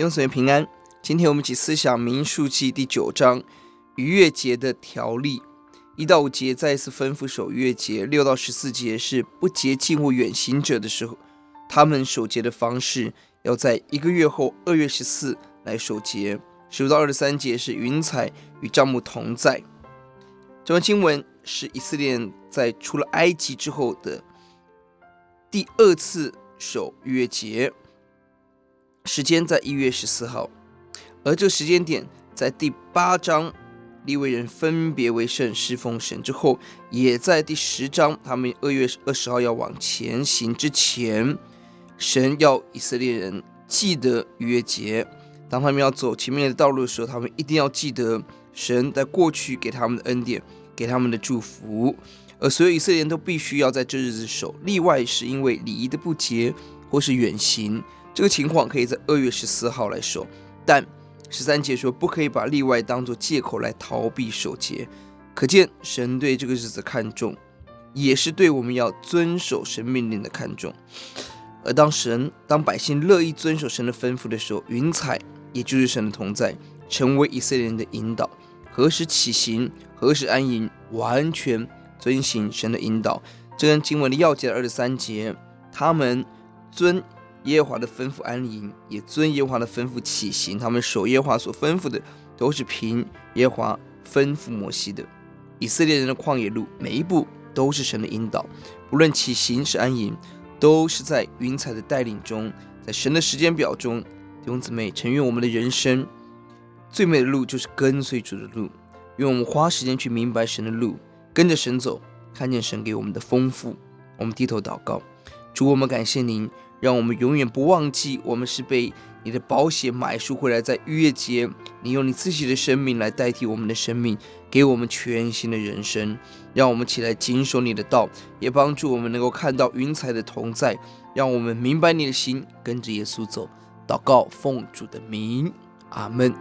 願所願平安。今天我們一起思想民數記第九章，逾越節的條例。一到五節再次吩咐守越節。六到十四節是不潔淨或遠行者的時候，他們守節的方式要在一個月後，二月十四來守節。十五到二十三節是雲彩與帳幕同在。這段經文是以色列人在出了埃及之後的第二次守月節。時間在一月十四號，而這時間點在第八章利未人分別為聖、事奉神之後，也在第十章他們二月二十號要往前行之前，神要以色列人記得逾越節。當他們要走前面的道路的時候，他們一定要記得神在過去給他們的恩典、給他們的祝福。而所有以色列人都必須要在這日子守，例外是因為禮儀的不潔或是遠行。這個情況可以在二月十四號來說，但十三節說不可以把例外當做借口來逃避守節，可見神對這個日子看重，也是對我們要遵守神命令的看重。而當神、當百姓樂意遵守神的吩咐的時候，雲彩也就是神的同在，成為以色列人的引導。何時起行，何時安營，完全遵行神的引導。這跟經文的鑰節二十三節，他們遵。耶和華的吩咐安營，也遵耶和華的吩咐起行。他們守耶和華所吩咐的，都是憑耶和華吩咐摩西的。以色列人的曠野路，每一步都是神的引導，不論起行是安營，都是在雲彩的帶領中，在神的時間表中。弟兄姊妹，誠願我們的人生最美的路，就是跟隨主的路。願我們花時間去明白神的路，跟着神走，看見神給我們的豐富。我們低頭禱告。主，我們感謝您，讓我們永遠不忘記，我們是被你的保險買贖回來，在逾越節，你用你自己的生命來代替我們的生命，給我們全新的人生。讓我們起來謹守你的道，也幫助我們能夠看到雲彩的同在，讓我們明白你的心，跟着耶穌走。禱告，奉主的名，阿門。